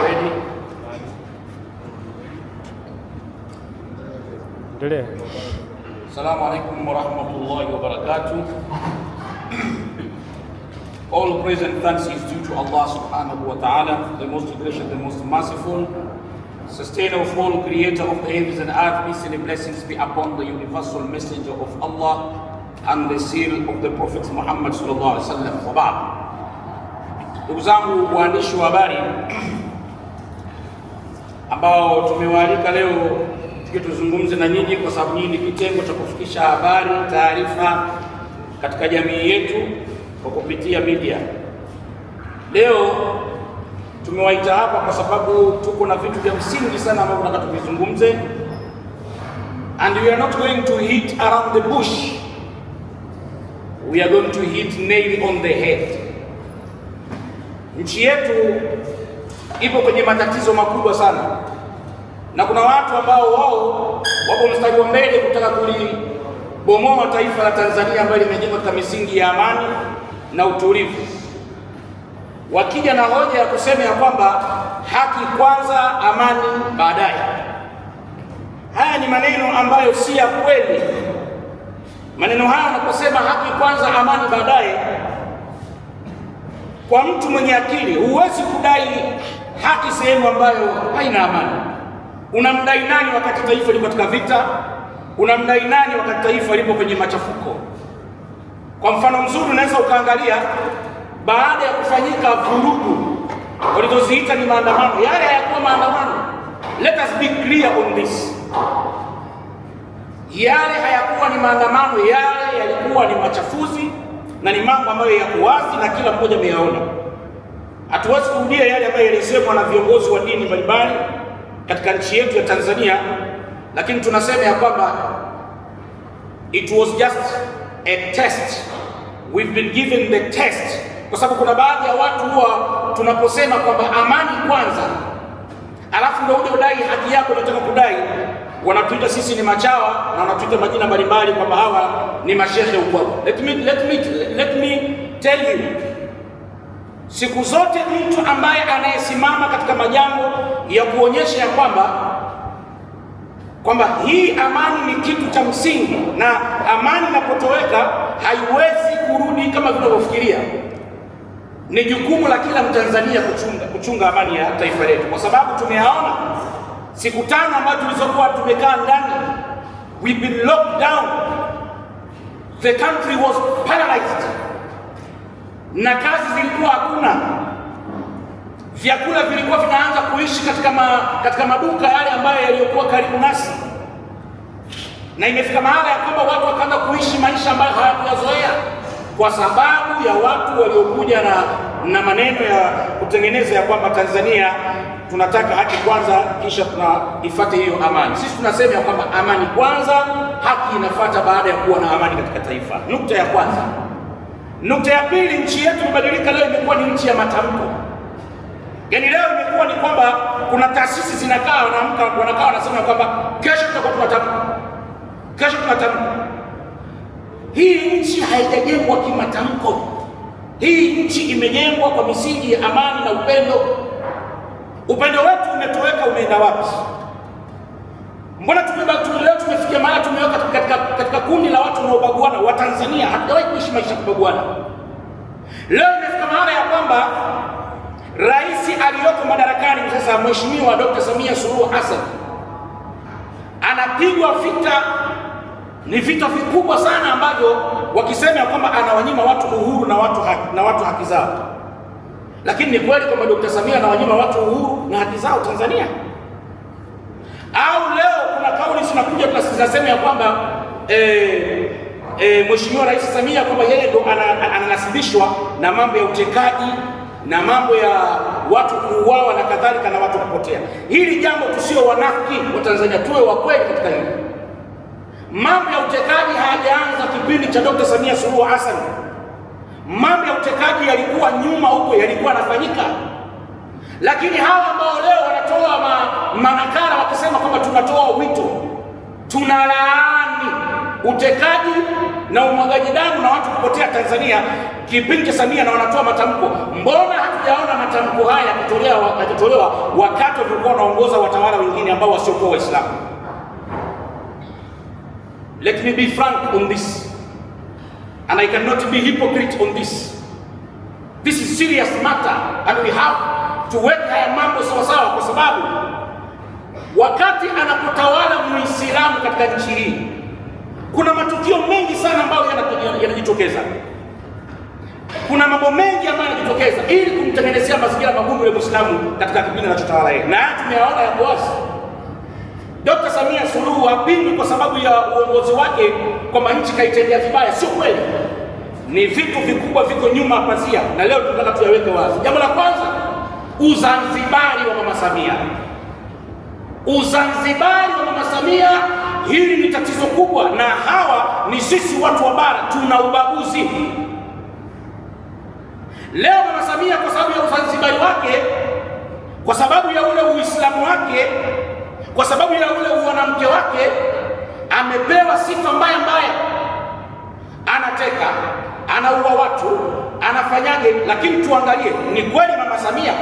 ready. Assalamu alaikum warahmatullahi wabarakatuh. All praise and thanks is due to Allah subhanahu wa ta'ala, the most gracious, the most merciful, sustainer of all, creator of the heavens and earth, peace and blessings be upon the universal messenger of Allah and the seal of the Prophet Muhammad sallallahu alaihi wasallam. Ndugu zangu waandishi wa habari ambao tumewaalika leo tuki tuzungumze na nyinyi, kwa sababu nyinyi ni kitengo cha kufikisha habari, taarifa katika jamii yetu kwa kupitia media. Leo tumewaita hapa kwa sababu tuko na vitu vya msingi sana ambavyo nataka tuvizungumze, and we are not going to hit around the bush, we are going to hit nail on the head. Nchi yetu ipo kwenye matatizo makubwa sana na kuna watu ambao wao wapo mstari wa mbele kutaka kulibomoa taifa la Tanzania ambalo limejengwa katika misingi ya amani na utulivu, wakija na hoja ya kusema ya kwamba haki kwanza, amani baadaye. Haya ni maneno ambayo si ya kweli. Maneno haya anaposema haki kwanza, amani baadaye, kwa mtu mwenye akili huwezi kudai haki sehemu ambayo haina amani. Unamdai nani wakati taifa lipo katika vita? Unamdai nani wakati taifa lipo kwenye machafuko? Kwa mfano mzuri, unaweza ukaangalia baada ya kufanyika vurugu walizoziita ni maandamano, yale hayakuwa maandamano. Let us be clear on this, yale hayakuwa ni maandamano, yale yalikuwa ni machafuzi na ni mambo ambayo yako wazi na kila mmoja ameyaona. Hatuwezi kurudia yale ambayo yalisemwa na viongozi wa dini mbalimbali katika nchi yetu ya Tanzania, lakini tunasema ya kwamba it was just a test, we've been given the test, kwa sababu kuna baadhi ya watu huwa tunaposema kwamba amani kwanza, alafu ndio uje udai haki yako unataka kudai, wanatuita sisi ni machawa na wanatuita majina mbalimbali kwamba hawa ni mashehe. Ukwapo, let me, let me, let me tell you Siku zote mtu ambaye anayesimama katika majambo ya kuonyesha ya kwamba kwamba hii amani ni kitu cha msingi, na amani inapotoweka haiwezi kurudi kama tunavyofikiria, ni jukumu la kila Mtanzania kuchunga, kuchunga amani ya taifa letu, kwa sababu tumeaona siku tano ambazo tulizokuwa tumekaa ndani, we've been locked down, the country was paralyzed na kazi zilikuwa hakuna, vyakula vilikuwa vinaanza kuishi katika, ma, katika maduka yale ambayo yaliyokuwa karibu nasi, na imefika mahala ya kwamba watu wakaanza kuishi maisha ambayo hawakuyazoea kwa sababu ya watu waliokuja na, na maneno ya kutengeneza ya kwamba Tanzania tunataka haki kwanza, kisha tunaifuate hiyo amani. Sisi tunasema ya kwamba amani kwanza, haki inafuata baada ya kuwa na amani katika taifa. Nukta ya kwanza. Nukta ya pili, nchi yetu imebadilika. Leo imekuwa ni nchi ya matamko, yaani leo imekuwa ni kwamba kuna taasisi zinakaa wanaamka, wanakaa wanasema kwamba kesho tutakuwa tunatamka, kesho tunatamka. Hii nchi haijajengwa kimatamko, hii nchi imejengwa kwa misingi ya amani na upendo. Upendo wetu umetoweka, umeenda wapi? Mbona leo tumefikia mahali tumeweka katika, katika kundi la watu wanaobaguana wa Tanzania, hatujawahi kuishi maisha kubaguana. Leo imefika mahali ya kwamba rais aliyoko madarakani sasa, Mheshimiwa Dr. Samia Suluhu Hassan anapigwa vita, ni vita vikubwa sana ambavyo wakisema ya kwamba anawanyima watu uhuru na watu haki, na watu haki zao, lakini ni kweli kwamba Dr. Samia anawanyima watu uhuru na haki zao Tanzania? Au leo kuna kauli zinakuja zinasema ya kwamba eh, eh, Mheshimiwa Rais Samia kwamba yeye ndo ananasibishwa na mambo ya utekaji na mambo ya watu kuuawa na kadhalika na watu kupotea. Hili jambo tusio wanafiki wa Tanzania, tuwe wa kweli katika hili. Mambo ya utekaji hayajaanza kipindi cha Dr. Samia Suluhu Hassan. Mambo ya utekaji yalikuwa nyuma huko, yalikuwa yanafanyika. Lakini hawa ambao leo wanatoa manakala wakisema kwamba tunatoa wito, tunalaani utekaji na umwagaji damu na watu kupotea Tanzania kipindi cha Samia, na wanatoa matamko. Mbona hatujaona matamko haya yakitolewa wakati walikuwa wanaongoza watawala wengine ambao wasiokuwa Waislamu? Let me be frank on this and I cannot be hypocrite on this. This is serious matter and we have tuweke haya mambo sawasawa, kwa sababu wakati anapotawala muislamu katika nchi hii kuna matukio mengi sana ambayo yanajitokeza, kuna mambo mengi ambayo yanajitokeza ili kumtengenezea mazingira magumu ya muislamu katika kipindi anachotawala yeye, na tumeyaona ya kuwazi Dr. Samia Suluhu hapingwi kwa sababu ya uongozi wake kwamba nchi kaitendea vibaya, sio kweli. Ni vitu vikubwa viko nyuma pazia, na leo tunataka tuyaweke wazi. Jambo la kwanza Uzanzibari wa mama Samia, Uzanzibari wa mama Samia. Hili ni tatizo kubwa, na hawa ni sisi watu wa bara, tuna ubaguzi. Leo mama Samia kwa sababu ya uzanzibari wake, kwa sababu ya ule uislamu wake, kwa sababu ya ule uwanamke wake, amepewa sifa mbaya mbaya, anateka, anaua watu anafanyaje? Lakini tuangalie, ni kweli mama Samia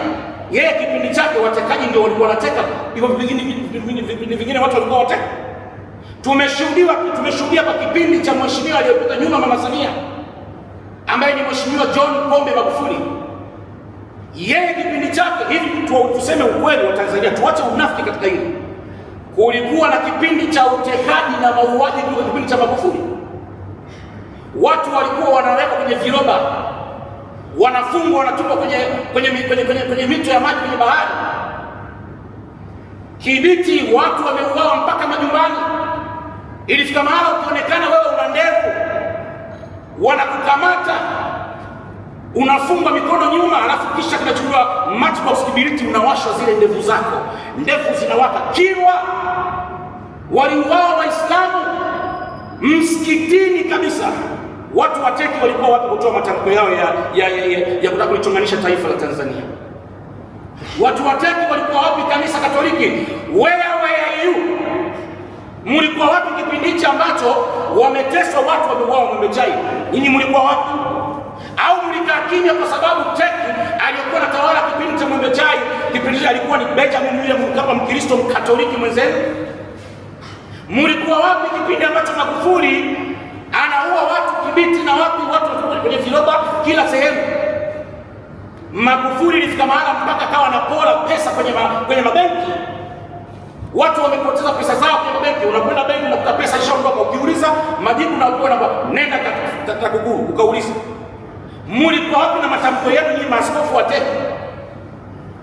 yeye kipindi chake watekaji ndio walikuwa wanateka hivyo, vingine watu walikuwa wateka. Tumeshuhudiwa, tumeshuhudia kwa kipindi cha mheshimiwa aliyopita nyuma, mama Samia ambaye ni mheshimiwa John Pombe Magufuli, yeye kipindi chake hivi, tuseme ukweli wa Tanzania, tuache unafiki katika hili. Kulikuwa na kipindi cha utekaji na mauaji kwa kipindi cha Magufuli, watu walikuwa wanawekwa kwenye viroba wanafungwa wanatupwa kwenye kwenye, kwenye, kwenye, kwenye mito ya maji kwenye bahari. Kibiti watu wameuawa mpaka majumbani. Ilifika mahala ukionekana wewe una ndevu, wanakukamata unafungwa mikono nyuma, alafu kisha kinachukuliwa matchbox kibiriti, unawashwa zile ndevu zako, ndevu zinawaka. Kilwa waliuawa Waislamu msikitini kabisa. Watu wa Teki walikuwa wapi kutoa matamko yao ya, ya, ya, ya, ya kutaka kulichonganisha taifa la Tanzania? Watu wa Teki walikuwa wapi kanisa Katoliki? Where were you? Mlikuwa wapi kipindi hichi ambacho wameteswa watu wameuawa Mwembe Chai? Ninyi mlikuwa wapi? Au mlikaa kimya kwa sababu Teki aliyekuwa anatawala kipindi cha Mwembe Chai kipindi hicho alikuwa ni Benjamin yule Mkapa, Mkristo Mkatoliki mwenzenu? Mlikuwa wapi kipindi ambacho Magufuli anaua watu Kibiti na watu watu kwenye viroba kila sehemu. Magufuli ilifika mahala mpaka kawa anapola pesa kwenye ma, kwenye mabenki. Watu wamepoteza pesa zao kwenye mabenki. unakwenda benki unakuta pesa ishaondoka, ukiuliza majibu na ukiwa kwa nenda TAKUKURU ukauliza mulikuwa wapi na matamko yenu ni maaskofu wa TEC.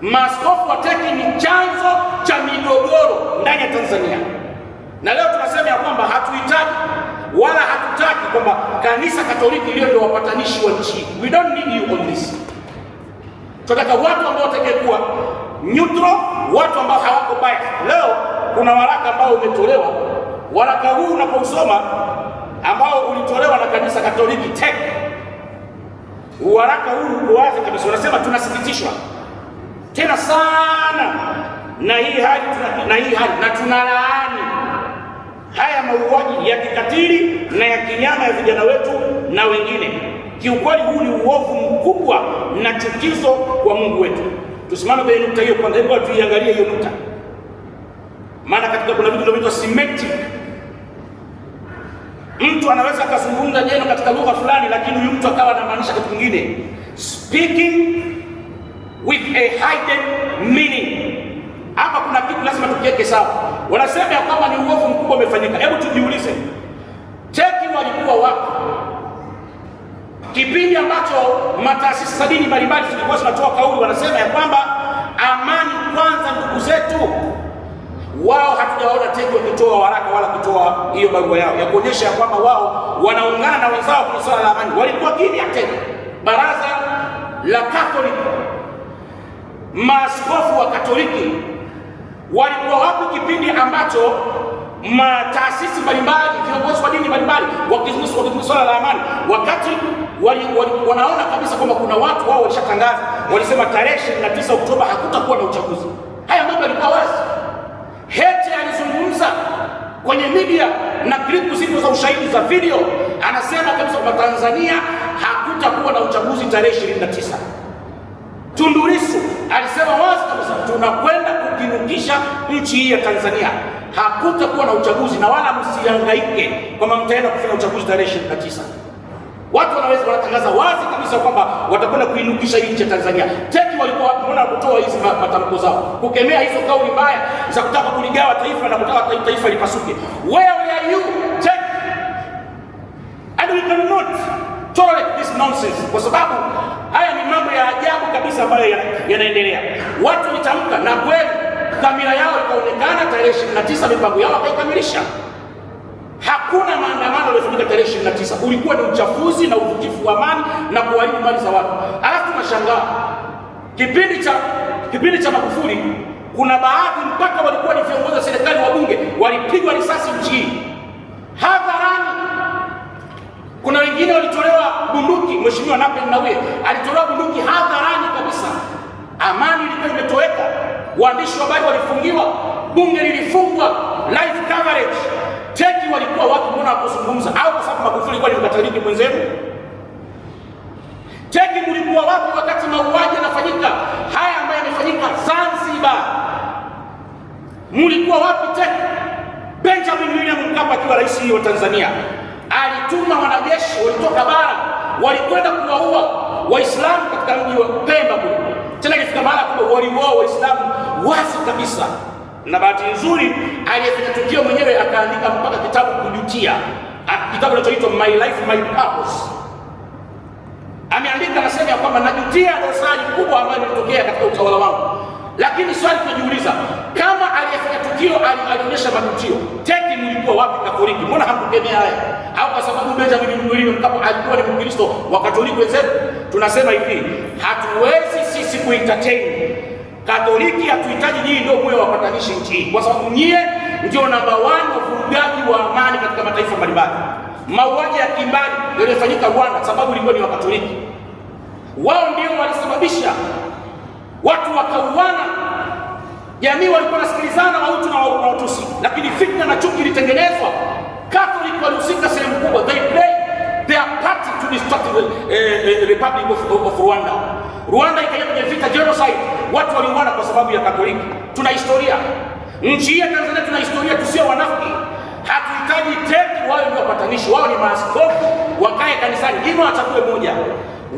Maaskofu wa TEC ni chanzo cha migogoro ndani ya Tanzania, na leo tunasema ya kwamba hatuhitaji wala hatutaki kwamba kanisa Katoliki ndio ndio wapatanishi wa nchi. We don't need you on this. Tunataka watu ambao watakie kuwa neutral, watu ambao hawako biased. Leo kuna waraka ambao umetolewa, waraka huu unaposoma, ambao ulitolewa na kanisa Katoliki TEC, waraka huu uko wazi kabisa, unasema tunasikitishwa tena sana na hii hali na tunalaa haya mauaji ya kikatili na ya kinyama ya vijana wetu na wengine. Kiukweli, huu ni uovu mkubwa na chukizo kwa Mungu wetu. Tusimame kwenye nukta hiyo kwanza, hebu tuiangalie hiyo nukta, maana katika kuna vitu vinavyoitwa semantic. Mtu anaweza akazungumza neno katika lugha fulani, lakini huyu mtu akawa anamaanisha kitu kingine, speaking with a hidden meaning hapa kuna kitu lazima tukiweke sawa. Wanasema ya kwamba ni uovu mkubwa umefanyika. Hebu tujiulize, cheki walikuwa wapi kipindi ambacho mataasisi za dini mbalimbali zilikuwa zinatoa kauli? Wanasema ya kwamba amani kwanza, ndugu zetu. Wao hatujaona teki wakitoa waraka wala kutoa hiyo barua yao ya kuonyesha ya kwamba wao wanaungana na wenzao kwenye swala la amani. Walikuwa kimya tena, Baraza la Katoliki, maaskofu wa Katoliki walikuwa wapi kipindi ambacho mataasisi mbalimbali, viongozi wa dini mbalimbali wakizungumza swala la amani, wakati wali, wali, wanaona kabisa kwamba kuna watu wao walishatangaza, walisema tarehe 29 Oktoba hakutakuwa na uchaguzi. Haya mambo yalikuwa wazi. Heche alizungumza kwenye media na klipu zipo za ushahidi za video, anasema kabisa kwamba Tanzania hakutakuwa na uchaguzi tarehe 29. Tundu Lissu alisema wazi kabisa tunakwenda kuinukisha nchi hii ya Tanzania. Hakutakuwa na uchaguzi, na wala msihangaike kwamba mtaenda kufanya uchaguzi tarehe 29. Watu wanaweza wanatangaza wazi kabisa kwamba watakwenda kuinukisha hii nchi ya Tanzania. TEC walikuwa wakiona kutoa hizi matamko zao, kukemea hizo kauli mbaya za kutaka kuligawa taifa na kutaka taifa lipasuke. Where are you TEC? And we cannot tolerate this nonsense, kwa sababu haya ni mambo ya ajabu kabisa ambayo yanaendelea. Watu litamka na kweli dhamira yao ikaonekana tarehe 29, mipango yao akaikamilisha. Hakuna maandamano yaliyofanyika tarehe 29, ulikuwa ni uchafuzi na uvujifu wa amani na kuharibu mali za watu. Alafu tunashangaa kipindi cha kipindi cha Magufuli, kuna baadhi mpaka walikuwa ni viongozi wa serikali, wa bunge walipigwa risasi nchi hii hadharani. Kuna wengine walitolewa bunduki, mheshimiwa Nape Nnauye alitolewa bunduki hadharani kabisa. Amani ilikuwa imetoweka waandishi wa habari walifungiwa, bunge lilifungwa, live coverage teki walikuwa watu mbona wakuzungumza? Au kwa sababu Magufuli alikuwa ni mwenzenu? Teki mlikuwa wapi wakati mauaji yanafanyika haya ambayo yamefanyika Zanzibar? Mlikuwa wapi teki? Benjamin William Mkapa akiwa rais wa Tanzania alituma wanajeshi walitoka bara, walikwenda kuwaua Waislamu katika mji wa Pemba kule. Tena ikifika mahala kwamba waliuawa Waislamu wazi kabisa, na bahati nzuri aliyefanya tukio mwenyewe akaandika mpaka kitabu kujutia, kitabu kinachoitwa My Life My Purpose. Ameandika anasema ya kwamba najutia dosari kubwa ambayo imetokea katika utawala wangu, lakini swali tunajiuliza, kama aliyefanya tukio alionyesha majutio, teki mlikuwa wapi Katoliki? Mbona hamkukemea haya? Au kwa sababu Benjamin Mkristo Mkapa alikuwa ni Mkristo wa Katoliki wenzetu? Tunasema hivi, hatuwezi sisi kuentertain Katoliki hatuhitaji nyinyi ndio muwe wapatanishi nchi hii, kwa sababu nyie ndio namba wani wafungaji wa amani katika mataifa mbalimbali. Mauaji ya kimbali yaliyofanyika Rwanda, sababu ilikuwa ni Wakatoliki. Wao ndio walisababisha watu wakauana, jamii walikuwa nasikilizana Wahutu na Watusi, lakini fitna na chuki ilitengenezwa. Catholic walihusika sehemu kubwa, they play their part to destroy the eh, eh, Republic of Rwanda. Rwanda ikaja vita genocide, watu waliuana kwa sababu ya Katoliki. Tuna historia nchi ya Tanzania, tuna historia, tusio wanafiki. Hatuhitaji teki, wao ni wapatanishi, wao ni maaskofu, wakae kanisani, dini wachague moja.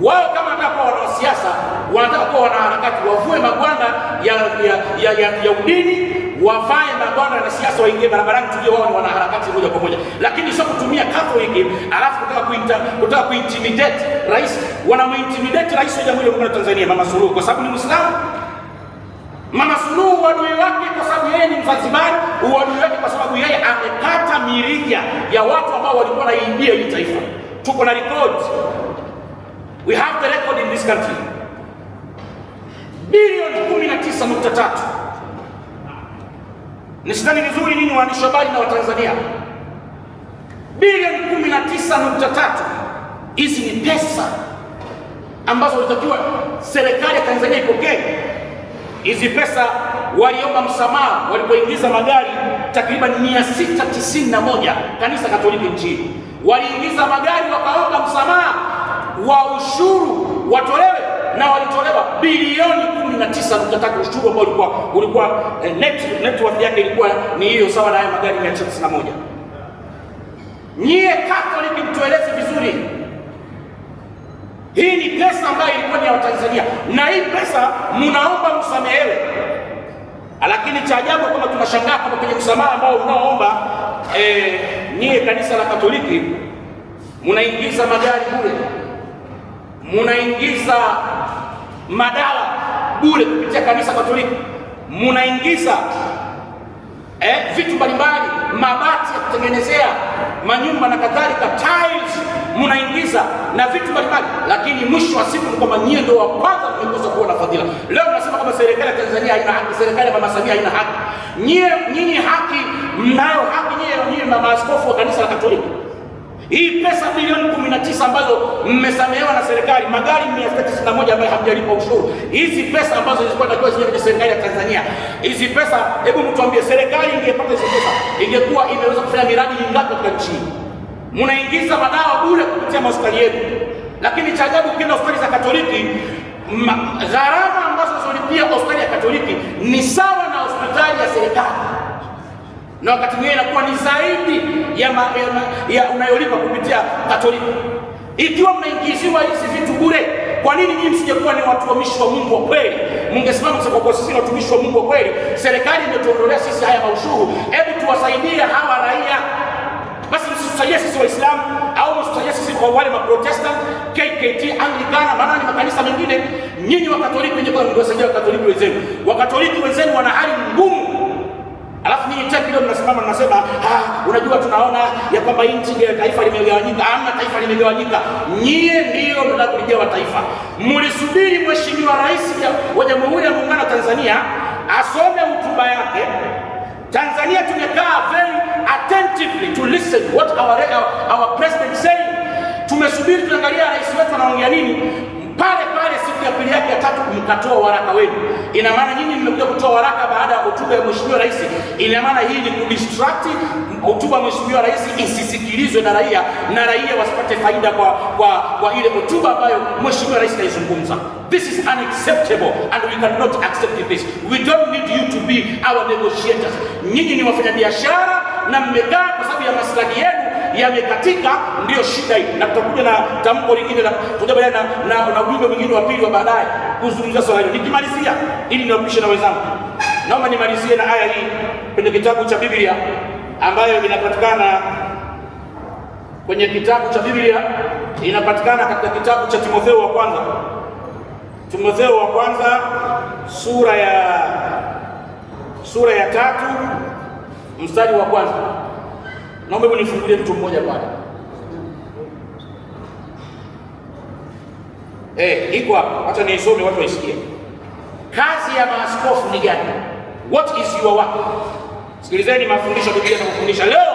Wao kama atakuwa wanasiasa, wanataka kuwa wanaharakati, wavue magwanda ya, ya, ya, ya, ya udini wafae mabwana siasa waingie barabarani, tujue wao ni wanaharakati moja kwa moja, lakini sio kutumia kafu wengi, alafu kutaka kuita kutaka kuintimidate rais. Wanamuintimidate rais wa Jamhuri ya Muungano wa Tanzania Mama Suluhu kwa sababu ni Muislamu. Mama Suluhu wadui wake kwa sababu yeye ni Mzanzibari, uadui wake kwa sababu yeye amekata mirija ya watu ambao walikuwa naiibia hii taifa. Tuko na record, we have the record in this country, bilioni 19.3 Nishikani vizuri nini, waandishi habari na Watanzania, bilioni 19.3 hizi ni pesa ambazo ulitakiwa serikali ya Tanzania ipokee. Hizi pesa waliomba msamaha walipoingiza magari takriban 691 kanisa Katoliki nchini waliingiza magari wakaomba msamaha wa ushuru watolewe na walitolewa bilioni 19.3 ushuru ambao ulikuwa ulikuwa eh, net, net worth yake ilikuwa ni hiyo sawa na haya magari 991. Nyie Catholic mtueleze vizuri, hii ni pesa ambayo ilikuwa ni ya Watanzania na hii pesa mnaomba msamehewe, lakini cha ajabu kama tunashangaa kama kwenye msamaha ambao mnaoomba eh, nyie kanisa la Katoliki mnaingiza magari bure munaingiza madawa bure kupitia kanisa Katoliki, munaingiza eh, vitu mbalimbali, mabati ya kutengenezea manyumba na kadhalika, tiles munaingiza na vitu mbalimbali, lakini mwisho wa siku ni kwamba nyie ndio wa kwanza mmekosa kuona fadhila. Leo nasema kama serikali ya Tanzania haina haki, serikali ya Mama Samia haina haki. Nyie nyinyi haki mnayo haki nyie, nyie na maaskofu wa kanisa la Katoliki hii pesa bilioni 19 ambazo mmesamehewa na serikali, magari 691 ambayo hamjalipa ushuru, hizi pesa ambazo zilikuwa takiwa ziwe kwenye serikali ya Tanzania, hizi pesa, hebu mtuambie, serikali ingepata hizi pesa ingekuwa imeweza kufanya miradi mingapi katika nchi? Mnaingiza madawa bure kupitia mahospitali yetu, lakini cha ajabu, ukienda hospitali za Katoliki, gharama ambazo zolipia hospitali ya Katoliki ni sawa na hospitali ya serikali na wakati mwingine inakuwa ni zaidi ya, ma, ya, ma, ya unayolipa kupitia Katoliki. Ikiwa mnaingiziwa hizi vitu bure, kwa nini nyinyi msijekuwa ni watumishi wa Mungu wa kweli? Mungesimama kusema kwa sisi ni watumishi wa Mungu wa kweli, serikali imetuondolea sisi haya maushuru, hebu tuwasaidie hawa raia basi. Msitusaidie sisi Waislamu au msitusaidie sisi kwa wale Maprotestant, KKT, Anglikana, maana ni makanisa mengine. Nyinyi Wakatoliki wenyewe, ndiwasaidia Wakatoliki wenzenu. Wakatoliki wenzenu wana hali ngumu vita kidogo, mnasimama mnasema, ah, unajua tunaona ya kwamba nchi nchi taifa limegawanyika, ama taifa limegawanyika. Nyie ndiyo wa taifa. Mlisubiri mheshimiwa rais wa Jamhuri ya Muungano wa Tanzania asome hotuba yake. Tanzania tumekaa very attentively to listen what our, our, our president saying. Tumesubiri tuangalia rais wetu anaongea nini pale pale siku ya pili yake ya tatu mkatoa waraka wenu. Ina maana nyinyi mmekuja kutoa waraka baada ya hotuba ya mheshimiwa rais. Ina maana hii ni kudistract mm, hotuba ya mheshimiwa rais isisikilizwe na raia, na raia wasipate faida kwa, kwa, kwa ile hotuba ambayo mheshimiwa rais anaizungumza. This is unacceptable and we cannot accept this. We don't need you to be our negotiators. Nyinyi ni wafanyabiashara na mmekaa kwa sababu ya maslahi yenu yamekatika, ndiyo shida hii, na tutakuja na tamko lingine na na ujumbe mwingine wa pili wa baadaye kuzungumzia swala hili. Nikimalizia ili niwapishe na wenzangu, naomba nimalizie na aya hii kwenye kitabu cha Biblia ambayo inapatikana kwenye kitabu cha Biblia inapatikana katika kitabu cha Timotheo wa kwanza, Timotheo wa kwanza sura ya sura ya tatu mstari wa kwanza. Naomba hebu nifungulie mtu mmoja pale. Eh, iko hapa, Acha niisome watu waisikie. Kazi ya maaskofu ni gani? What is your work? Sikilizeni mafundisho Biblia inakufundisha. Leo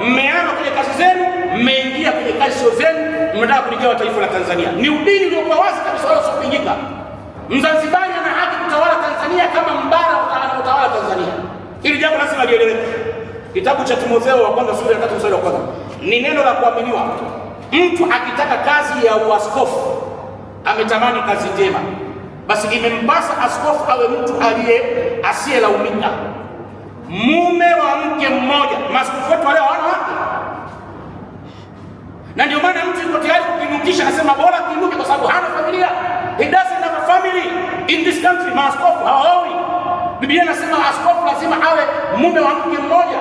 mmeama kwenye kazi zenu, mmeingia kwenye kazi sio zenu, mnataka kuligawa taifa la Tanzania. Ni udini uliokuwa wazi kabisa wala usipingika. Mzanzibari ana haki kutawala Tanzania kama mbara utawala Tanzania. Hili jambo lazima lieleweke. Kitabu cha Timotheo wa kwanza sura ya 3 mstari wa kwanza ni neno la kuaminiwa. Mtu akitaka kazi ya uaskofu, ametamani kazi njema, basi imempasa askofu awe mtu aliye asiyelaumika, mume wa mke mmoja. Maaskofu wetu wale hawana wake, na ndio maana mtu yuko tayari kukinukisha, anasema bora kinuke kwa sababu hana familia. He doesn't have a family in this country. Maaskofu hawaoi. Biblia inasema askofu lazima awe mume wa mke mmoja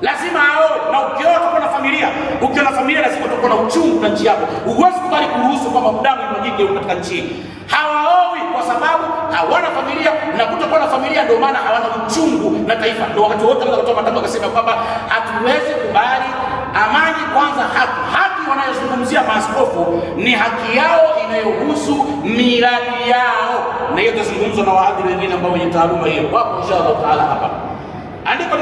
lazima aoe. Na ukiona tuko na familia, ukiwa na familia lazima tuko na uchungu na nchi yako. Huwezi kubali kuruhusu kwamba damu imwagike katika nchi. Hawaowi kwa sababu hawana familia, na kutokuwa na familia ndio maana hawana uchungu na taifa. Ndio wakati wote wanaweza kutoa matamko akasema kwamba hatuwezi kubali amani kwanza. Haki, haki wanayozungumzia maaskofu ni haki yao inayohusu miradi yao, na hiyo itazungumzwa na wahadhiri wengine ambao wenye taaluma hiyo wapo, inshallah taala hapa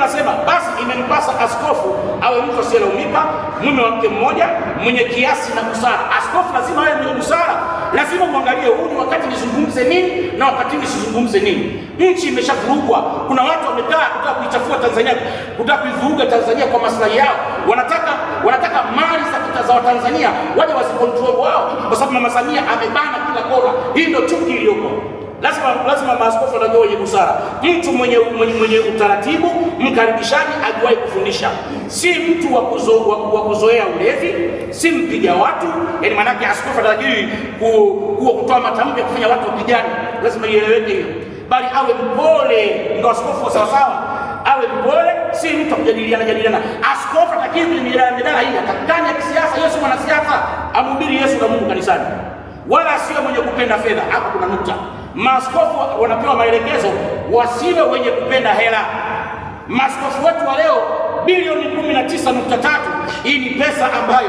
anasema basi imempasa askofu awe mtu asiyelaumika, mume wa mke mmoja, mwenye kiasi na busara. Askofu lazima awe mwenye busara, lazima mwangalie huu ni wakati nizungumze nini na wakati nisizungumze nini. Nchi imeshavurugwa, kuna watu wamekaa kutaka kuichafua Tanzania, kutaka kuivuruga Tanzania kwa maslahi yao. Wanataka wanataka mali za Watanzania waje wasikontrol wao, kwa sababu mama Samia amebana kila kona. Hii ndio chuki iliyoko lazima lazima maaskofu anajua wenye busara, mtu mwenye, mwenye, mwenye utaratibu, mkaribishaji, ajuwahi kufundisha, si mtu wa kuzo, wa, kuzoea ulevi, si mpiga watu. Yani maanake askofu ku, kuwa kutoa matamko ya kufanya watu wapigane, lazima ieleweke hiyo, bali awe mpole, ndio askofu wa sawasawa awe mpole, si mtu akujadiliana jadiliana. Askofu atakiwa kujadiliana jadiliana hii atakanya kisiasa. Yesu mwanasiasa, amhubiri Yesu na Mungu kanisani, wala sio mwenye kupenda fedha. Hapo kuna nukta. Maaskofu wanapewa maelekezo wasiwe wenye kupenda hela. Maaskofu wetu wa leo bilioni 19.3, hii ni pesa ambayo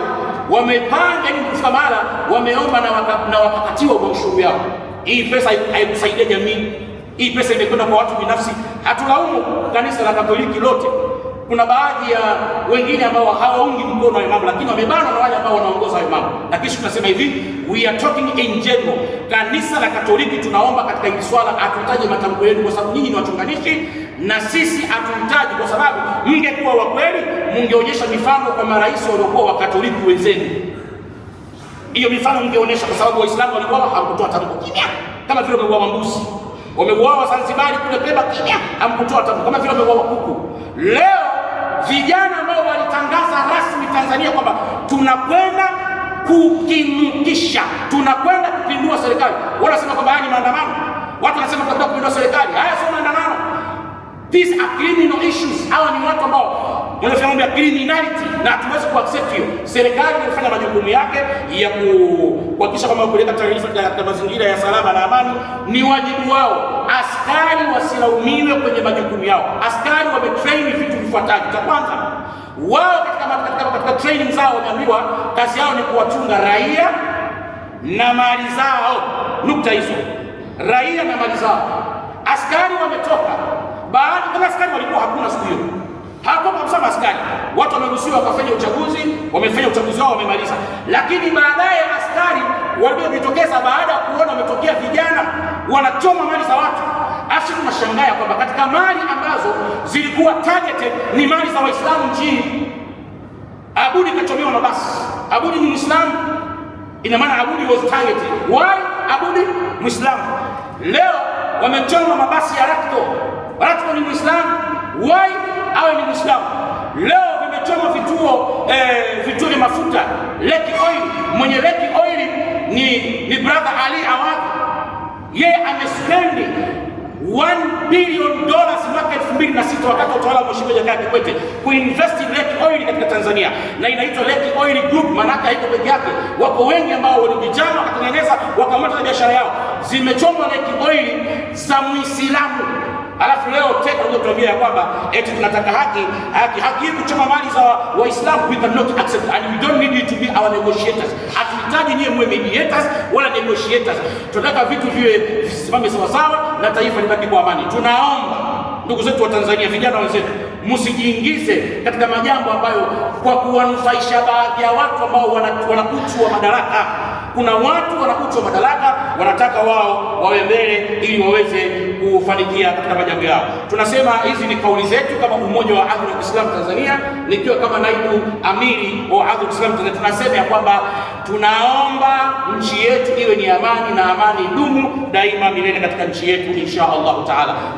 wamepanga ni kufika wameomba na, na wakakatiwa kwa ushuru yao. Hii pesa haikusaidia jamii, hii pesa imekwenda kwa watu binafsi. Hatulaumu kanisa la Katoliki lote kuna baadhi ya wengine ambao hawaungi mkono wa imamu, lakini wamebanwa na wale ambao wanaongoza hayo mambo. Na kisha tunasema hivi, we are talking in general. Kanisa la Katoliki tunaomba katika hili swala atutaje matamko yenu, kwa sababu nyinyi ni wachunganishi na sisi hatuhitaji, kwa sababu mngekuwa wa kweli mngeonyesha mifano kwa marais waliokuwa Katoliki wenzenu. Hiyo mifano mngeonyesha, kwa sababu Waislamu waliuawa hawakutoa tamko kimya, kama vile wameuawa mbuzi, wameuawa Zanzibari kule Pemba kimya, hamkutoa tamko kama vile wameuawa kuku. Leo vijana ambao walitangaza rasmi Tanzania kwamba tunakwenda kukimukisha, tunakwenda kupindua serikali. Wanasema kwamba haya ni maandamano, watu wanasema kwamba kupindua serikali, haya sio maandamano. These are criminal issues. Hawa ni watu ambao ndio mambo ya criminality na hatuwezi kuaccept hiyo. Serikali inafanya majukumu yake ya kuhakikisha kwamba kuleta taarifa katika mazingira ya salama na amani, ni wajibu wao. Askari wasilaumiwe kwenye majukumu yao. Askari wametrain vitu vifuatavyo. Cha kwanza, wao katika training zao wameambiwa kazi yao ni kuwachunga raia na mali zao. Nukta hizo, raia na mali zao. Askari wametoka baada, kama askari walikuwa hakuna siku hiyo hakupa msamaha askari. Watu wameruhusiwa wakafanya uchaguzi, wamefanya uchaguzi wao wamemaliza, lakini baadaye askari waliojitokeza baada ya kuona wametokea vijana wanachoma mali za watu. Asi tunashangaa kwamba katika mali ambazo zilikuwa targeted ni mali za Waislamu nchini, Abudi kachomewa na basi. Abudi ni Muislamu, ina maana Abudi was targeted. Why? Abudi Muislamu. Leo wamechoma mabasi ya Rakto. Rakto ni Muislamu. Why? awe ni Muislamu. Leo vimechoma vituo eh, vituo vya mafuta Lake Oil. Mwenye Lake Oil ni, ni brother Ali Awad, yeye amespend 1 billion dollars mwaka 2006 wakati wa utawala wa Mheshimiwa Jakaya Kikwete kuinvest in Lake Oil katika Tanzania, na inaitwa Lake Oil Group, maanake haiko peke yake, wako wengi ambao ni vijana wakatengeneza wakamata biashara yao. Zimechomwa Lake Oil za Muislamu Alafu leo tena unatuambia ya kwamba eti tunataka haki, haki, haki kuchoma mali za Waislamu, we not accept and we don't need you to be our negotiators. Hatuhitaji nyie mwe mediators wala negotiators. Tunataka vitu viwe visimame sawa sawa na taifa libaki kwa amani. Tunaomba ndugu zetu wa Tanzania, vijana wenzetu, msijiingize katika majambo ambayo kwa kuwanufaisha baadhi ya watu ambao wanakuchua madaraka kuna watu wanakuchwa madaraka, wanataka wao wawe mbele ili waweze kufanikia katika majambo yao. Tunasema hizi ni kauli zetu kama Umoja wa Ahlu Islam Tanzania, nikiwa kama naibu amiri wa Ahlu Islam Tanzania, tunasema ya kwamba tunaomba nchi yetu iwe ni amani na amani dumu daima milele katika nchi yetu insha Allahu taala.